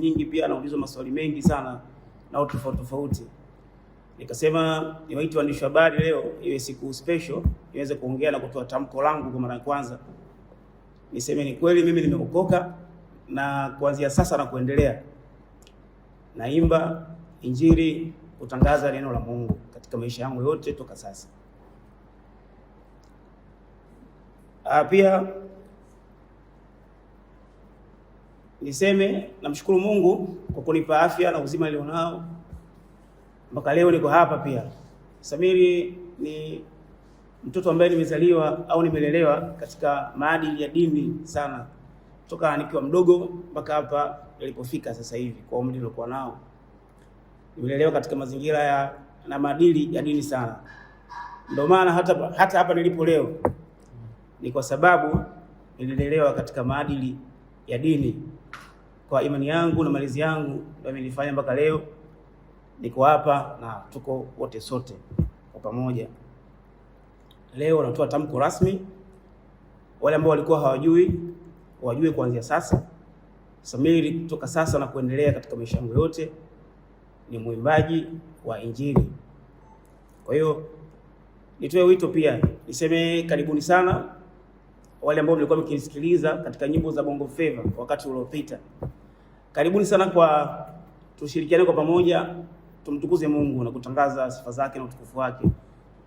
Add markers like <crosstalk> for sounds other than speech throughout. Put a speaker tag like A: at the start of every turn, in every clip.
A: nyingi, pia anaulizwa maswali mengi sana na watu tofauti tofauti. Nikasema niwaite waandishi habari leo iwe siku special niweze kuongea na kutoa tamko langu kwa mara ya kwanza. Niseme ni kweli mimi nimeokoka na kuanzia sasa na kuendelea naimba Injili, kutangaza neno la Mungu katika maisha yangu yote toka sasa. Ah, pia Niseme namshukuru Mungu kwa kunipa afya na uzima nilionao mpaka leo, niko hapa. Pia Samiri ni mtoto ambaye nimezaliwa au nimelelewa katika maadili ya dini sana, toka nikiwa mdogo mpaka hapa nilipofika sasa hivi kwa umri niliokuwa nao. Nimelelewa katika mazingira ya na maadili ya dini sana, ndio maana hata, hata hapa nilipo leo ni kwa sababu nililelewa katika maadili ya dini kwa imani yangu na malezi yangu ndio imenifanya mpaka leo niko hapa na tuko wote sote kwa pamoja. Leo natoa tamko rasmi. Wale ambao walikuwa hawajui wajue kuanzia sasa. Samiri kutoka sasa na kuendelea katika maisha yangu yote ni mwimbaji wa Injili. Kwa hiyo nitoe wito pia, niseme karibuni sana wale ambao mlikuwa mkisikiliza katika nyimbo za Bongo Flava wakati uliopita. Karibuni sana kwa tushirikiane kwa pamoja, tumtukuze Mungu na kutangaza sifa zake na utukufu wake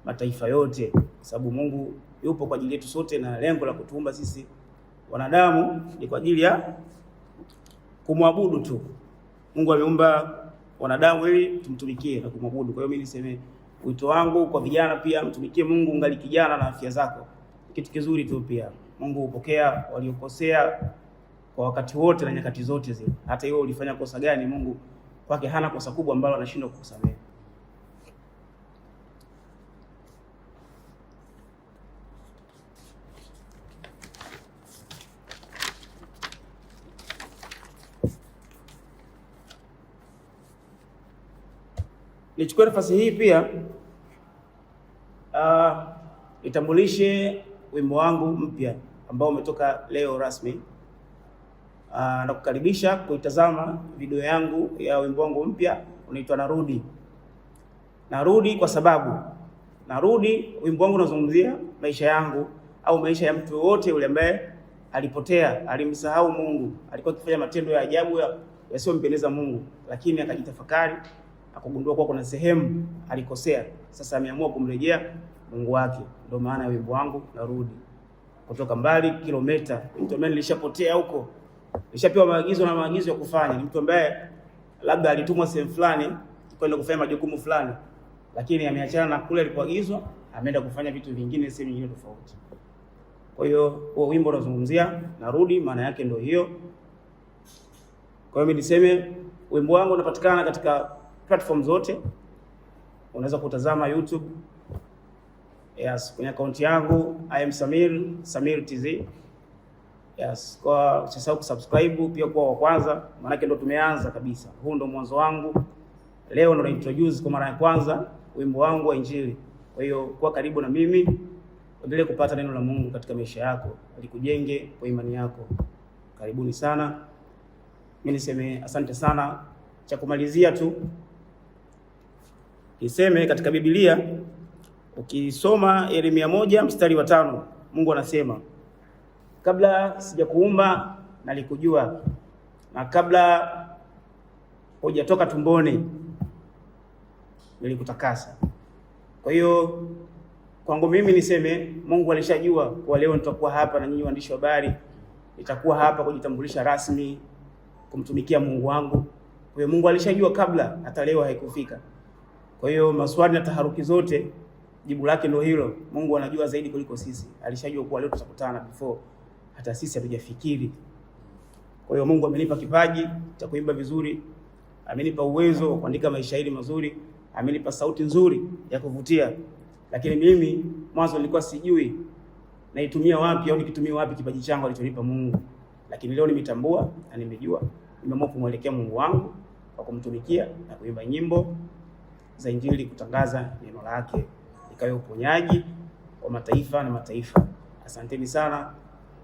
A: mataifa yote, kwa sababu Mungu yupo kwa ajili yetu sote, na lengo la kutuumba sisi wanadamu ni kwa ajili ya kumwabudu tu. Mungu ameumba wanadamu ili tumtumikie na kumwabudu. Kwa hiyo mimi niseme wito wangu kwa vijana pia, mtumikie Mungu ungali kijana na afya zako, kitu kizuri tu. Pia Mungu hupokea waliokosea kwa wakati wote na nyakati zote zile. Hata hiyo ulifanya kosa gani, Mungu kwake hana kosa kubwa ambalo anashindwa kukusamehe. Nichukue nafasi hii pia uh, nitambulishe wimbo wangu mpya ambao umetoka leo rasmi. Ah, na kukaribisha kuitazama video yangu ya wimbo wangu mpya unaitwa Narudi. Narudi kwa sababu narudi, wimbo wangu unazungumzia maisha yangu au maisha ya mtu yoyote yule ambaye alipotea, alimsahau Mungu, alikuwa akifanya matendo ya ajabu yasiyompendeza ya Mungu, lakini akajitafakari, akagundua kuwa kuna sehemu alikosea. Sasa ameamua kumrejea Mungu wake, ndio maana ya wimbo wangu Narudi. Kutoka mbali kilomita, nilishapotea huko Nishapewa maagizo na maagizo ya kufanya. Ni mtu ambaye labda alitumwa sehemu fulani kwenda kufanya majukumu fulani, lakini ameachana na kule alipoagizwa, ameenda kufanya vitu vingine sehemu nyingine tofauti. Kwa hiyo huo wimbo unazungumzia narudi, maana yake ndio hiyo. Kwa hiyo mimi niseme wimbo wangu unapatikana katika platform zote, unaweza kutazama YouTube, yes, kwenye akaunti yangu I am Samir, Samir TZ. Yes, kwa usisahau kusubscribe pia kuwa wa kwanza, maanake ndo tumeanza kabisa. Huu ndo mwanzo wangu, leo ndo introduce kwa mara ya kwanza wimbo wangu wa Injili. Kwa hiyo kuwa karibu na mimi, endelee kupata neno la Mungu katika maisha yako, alikujenge kwa imani yako. Karibuni sana, mi niseme asante sana. Cha kumalizia tu niseme katika Biblia ukisoma Yeremia moja mstari wa tano Mungu anasema kabla sijakuumba nalikujua, na kabla hujatoka tumboni nilikutakasa. Kwa hiyo kwangu mimi niseme Mungu alishajua kwa leo nitakuwa hapa na nyinyi waandishi wa habari, nitakuwa hapa kujitambulisha rasmi kumtumikia Mungu wangu. Kwa hiyo Mungu alishajua kabla hata leo haikufika. Kwa hiyo maswali na taharuki zote, jibu lake ndio hilo. Mungu anajua zaidi kuliko sisi, alishajua kuwa leo tutakutana before hata sisi hatujafikiri. Kwa hiyo Mungu amenipa kipaji cha kuimba vizuri, amenipa uwezo wa kuandika mashairi mazuri, amenipa sauti nzuri ya kuvutia, lakini mimi mwanzo nilikuwa sijui naitumia wapi au nikitumia wapi kipaji changu alichonipa Mungu. Lakini leo nimetambua na nimejua, nimeamua kumwelekea Mungu wangu kwa kumtumikia na kuimba nyimbo za Injili, kutangaza neno lake, ikawe uponyaji kwa mataifa na mataifa. Asanteni sana.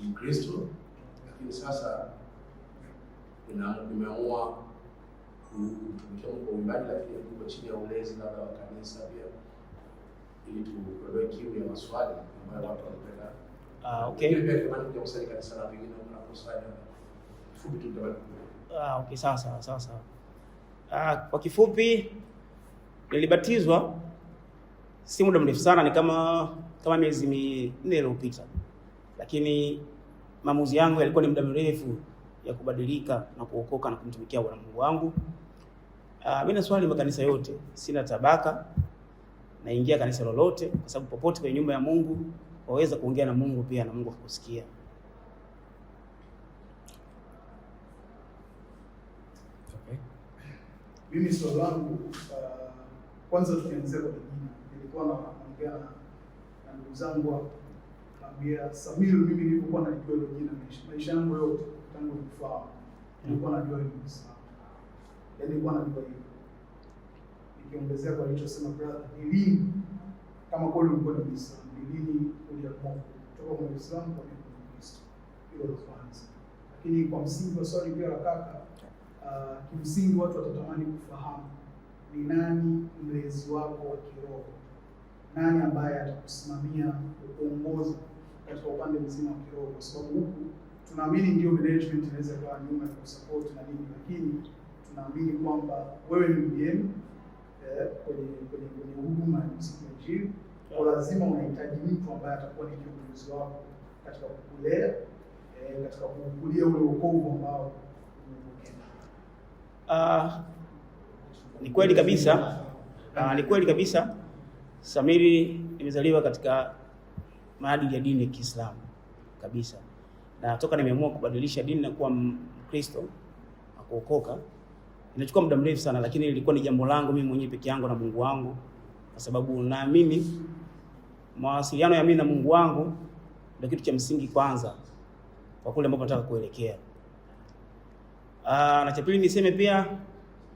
B: Mkristo, lakini sasa nimeamua kutumikia Mungu kwa uimbaji, lakini niko chini ya ulezi labda wa kanisa pia, ili tuondoe kiu ya maswali ambayo watu wanapenda. Ah, okay. Pia kama ni kusali kanisa na pengine kuna kusali kifupi tu ndio.
A: Ah, okay, sawa sawa sawa sawa. Ah, kwa kifupi nilibatizwa si muda mrefu sana, ni kama kama miezi minne iliyopita. Mi, lakini maamuzi yangu yalikuwa ni muda mrefu ya kubadilika na kuokoka na kumtumikia Bwana Mungu wangu. Uh, mimi naswali makanisa yote, sina tabaka, naingia kanisa lolote, kwa sababu popote kwenye nyumba ya Mungu waweza kuongea na Mungu pia na Mungu akusikia.
C: Okay. Mimi swali langu uh, kwanza tukianzia kwa jina, nilikuwa naongea na ndugu zangu Naambia Samiru, mimi nilikuwa najua hilo jina maisha yangu yote tangu nikufahamu, nilikuwa najua hilo Muislamu, yaani nilikuwa najua hilo. Nikiongezea kwa alichosema brother, ni lini kama kweli ulikuwa ni Muislamu, ni lini uliamua kutoka kwa Uislamu kwa Kristo? Hilo la kwanza. Lakini kwa msingi wa swali pia la kaka, uh, kimsingi watu watatamani kufahamu ni nani mlezi wako wa kiroho, nani ambaye atakusimamia kukuongoza katika upande mzima wa kiroho, kwa sababu huku tunaamini ndio management inaweza kuwa nyuma ya kusupport na nini, lakini tunaamini kwamba wewe ni mgeni eh, kwenye kwenye kwenye huduma ya muziki wa Injili, kwa lazima unahitaji mtu ambaye atakuwa ni kiongozi wako katika kukulea eh, katika kukulia ule wokovu ambao
A: Uh, ni kweli kabisa. Uh, ni kweli kabisa. Samiri imezaliwa katika maadili ya dini ya Kiislamu kabisa, na toka nimeamua kubadilisha dini na kuwa Mkristo na kuokoka, inachukua muda mrefu sana, lakini ilikuwa ni jambo langu mimi mwenyewe peke yangu na Mungu wangu, kwa sababu naamini mawasiliano ya mimi na Mungu wangu ndio kitu cha msingi kwanza kwa kule ambapo nataka kuelekea. Aa, ah, na cha pili niseme pia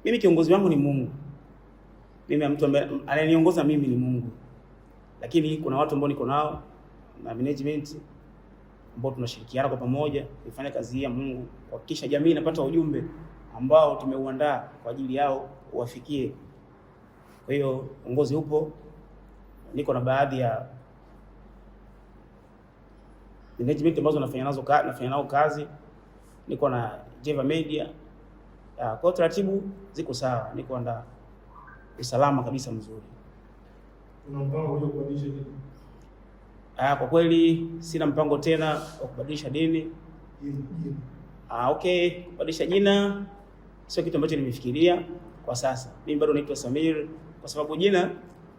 A: mimi kiongozi wangu ni Mungu. Mimi mtu ambaye ananiongoza mimi ni Mungu, lakini kuna watu ambao niko nao na management ambao tunashirikiana kwa pamoja kufanya kazi ya Mungu kuhakikisha jamii inapata ujumbe ambao tumeuandaa kwa ajili yao uwafikie. Kwa hiyo uongozi upo, niko na baadhi ya management ambazo nafanya nazo nafanya nao kazi, niko na Jeva Media. Kwa taratibu ziko sawa, niko na usalama kabisa mzuri. Ah, kwa kweli sina mpango tena wa kubadilisha dini. Ah, okay, kubadilisha jina sio kitu ambacho nimefikiria kwa sasa. Mimi bado naitwa Samir kwa sababu jina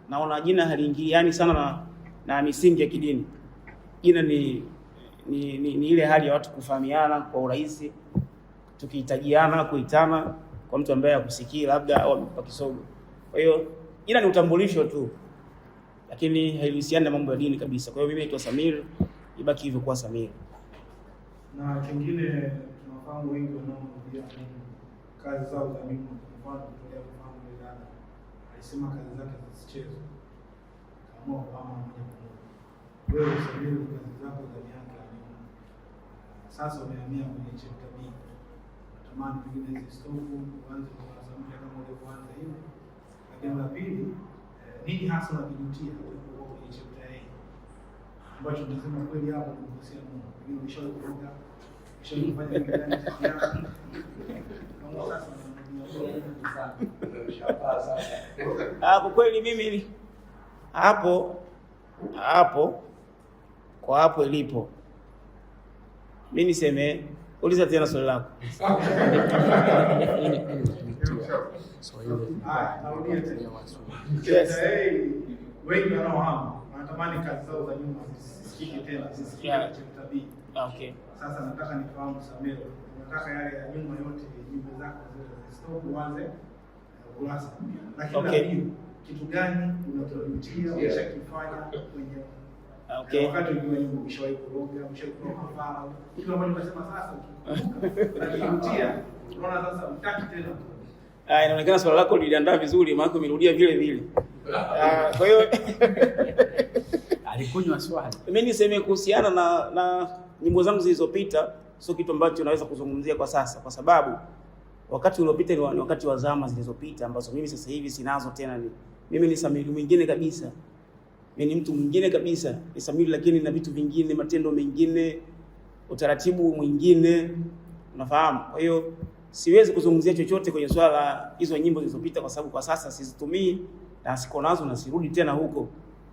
A: naona jina haliingiliani sana na, na misingi ya kidini. Jina ni ni, ni, ni ile hali ya watu kufahamiana kwa urahisi tukihitajiana kuitana kwa mtu ambaye akusikii labda au amekupa kisogo. Kwa hiyo jina ni utambulisho tu lakini haihusiani na mambo ya dini kabisa. Kwa hiyo mimi naitwa Samir, ibaki hivyo kuwa Samir.
C: Na kingine tunafahamu wengi wanaohudhuria kazi zao za mimi, kwa mfano tunaelewa kufahamu dada alisema kazi zake zisichezwe, kama kama moja kwa moja. Wewe Samir, kazi zako za miaka ya nyuma sasa umehamia kwenye chapter B, natamani pengine hizi stofu uanze kwa sababu kama ulivyoanza hivi, lakini la pili nini hasa unajutia ulipokuwa kwenye chapter A ambacho nitasema kweli hapa nimekosea Mungu, mimi nimeshawahi kuoga, nimeshawahi kufanya kitu gani cha ziada,
A: ah, kwa kweli mimi hapo hapo kwa hapo ilipo, mi niseme, uliza tena swali lako <laughs>
C: Ah, wengi wanaohama wanatamani kazi zao za nyuma zisisikike tena, okay. Sasa nataka nifahamu nataka yale ya nyuma yote, nyimbo zako zote stop, uanze kurasa, uh, lakini okay. Kitu gani unachorudia umeshakifanya kwenye Okay. Eh, wakati kuroga, kuroga Kitu ambacho unasema sasa ukikumbuka, <laughs> unaona sasa utaki tena
A: Ah, inaonekana swala lako liliandaa vizuri, maana umerudia vile vile. Ah, kwa hiyo <laughs> alikunywa swali. Mimi niseme kuhusiana na na nyimbo zangu zilizopita, sio kitu ambacho naweza kuzungumzia kwa sasa, kwa sababu wakati uliopita ni wakati wa zama zilizopita ambazo mimi sasa hivi sinazo tena. Ni mimi ni Samiri mwingine kabisa, mimi ni mtu mwingine kabisa, ni Samiri lakini na vitu vingine, matendo mengine, utaratibu mwingine, unafahamu. Kwa hiyo siwezi kuzungumzia chochote kwenye swala la hizo nyimbo zilizopita, kwa sababu kwa sasa sizitumii na siko nazo na sirudi tena huko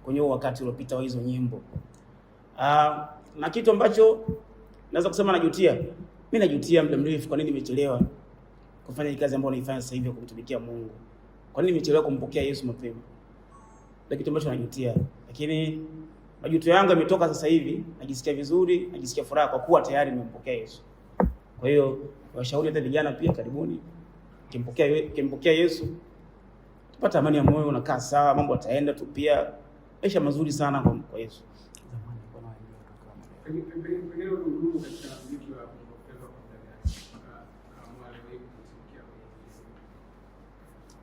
A: kwenye wakati uliopita wa hizo nyimbo. Aa, ah, na kitu ambacho naweza kusema najutia, mimi najutia muda mrefu, kwa nini nimechelewa kufanya kazi ambayo naifanya sasa hivi ya kumtumikia Mungu. Kwa nini nimechelewa kumpokea Yesu mapema? Ndio kitu ambacho najutia, lakini majuto yangu yametoka sasa hivi, najisikia vizuri, najisikia furaha kwa kuwa tayari nimempokea Yesu. Kwa hiyo washauri hata vijana pia, karibuni kimpokea kimpokea Yesu, tupata amani ya moyo, unakaa sawa, mambo yataenda tu, pia maisha mazuri sana kwa Yesu.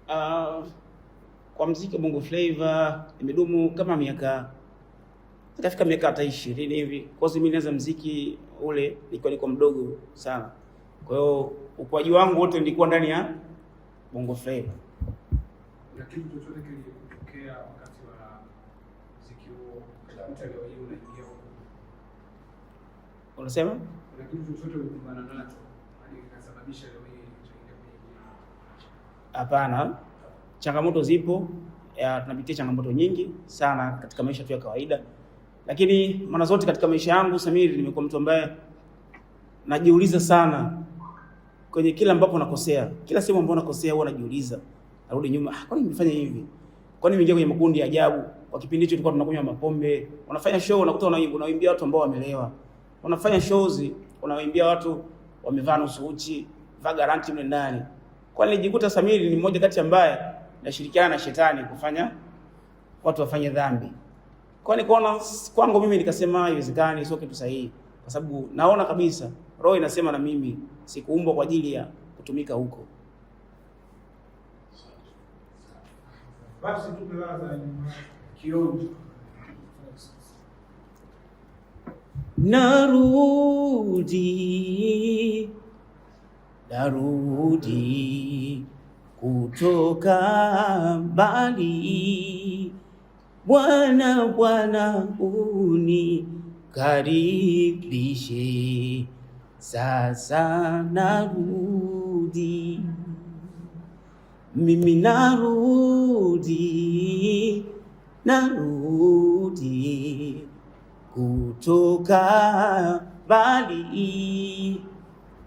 A: Uh, kwa mziki wa Bongo Flava ah, imedumu kama miaka itafika miaka hata ishirini hivi. Kwa sababu mimi mziki ule nilikuwa niko mdogo sana. Kwa hiyo ukuaji wangu wote nilikuwa ndani ya Bongo Flava. unasema? Hapana, changamoto zipo, tunapitia changamoto nyingi sana katika maisha tu ya kawaida, lakini mara zote katika maisha yangu Samiri, nimekuwa mtu ambaye najiuliza sana kwenye kila ambapo nakosea, kila sehemu ambapo nakosea huwa najiuliza, narudi nyuma, ah, nini nimefanya hivi? Kwa nini nimeingia kwenye makundi ya ajabu? Kwa kipindi hicho tulikuwa tunakunywa mapombe, unafanya show unakuta unaimbia watu ambao wamelewa, unafanya shows unawaimbia watu wamevaa nusu uchi, vaa garanti mle ndani. Kwa nini nilijikuta Samiri ni mmoja kati ambaye nashirikiana na shetani kufanya watu wafanye dhambi. Kwa nini kwa kwangu mimi nikasema haiwezekani, sio kitu sahihi, kwa sababu naona kabisa Roho inasema na mimi sikuumbwa kwa ajili ya kutumika huko.
C: Basi
D: narudi narudi kutoka mbali, Bwana Bwana, unikaribishe sasa narudi, mimi narudi, narudi kutoka mbali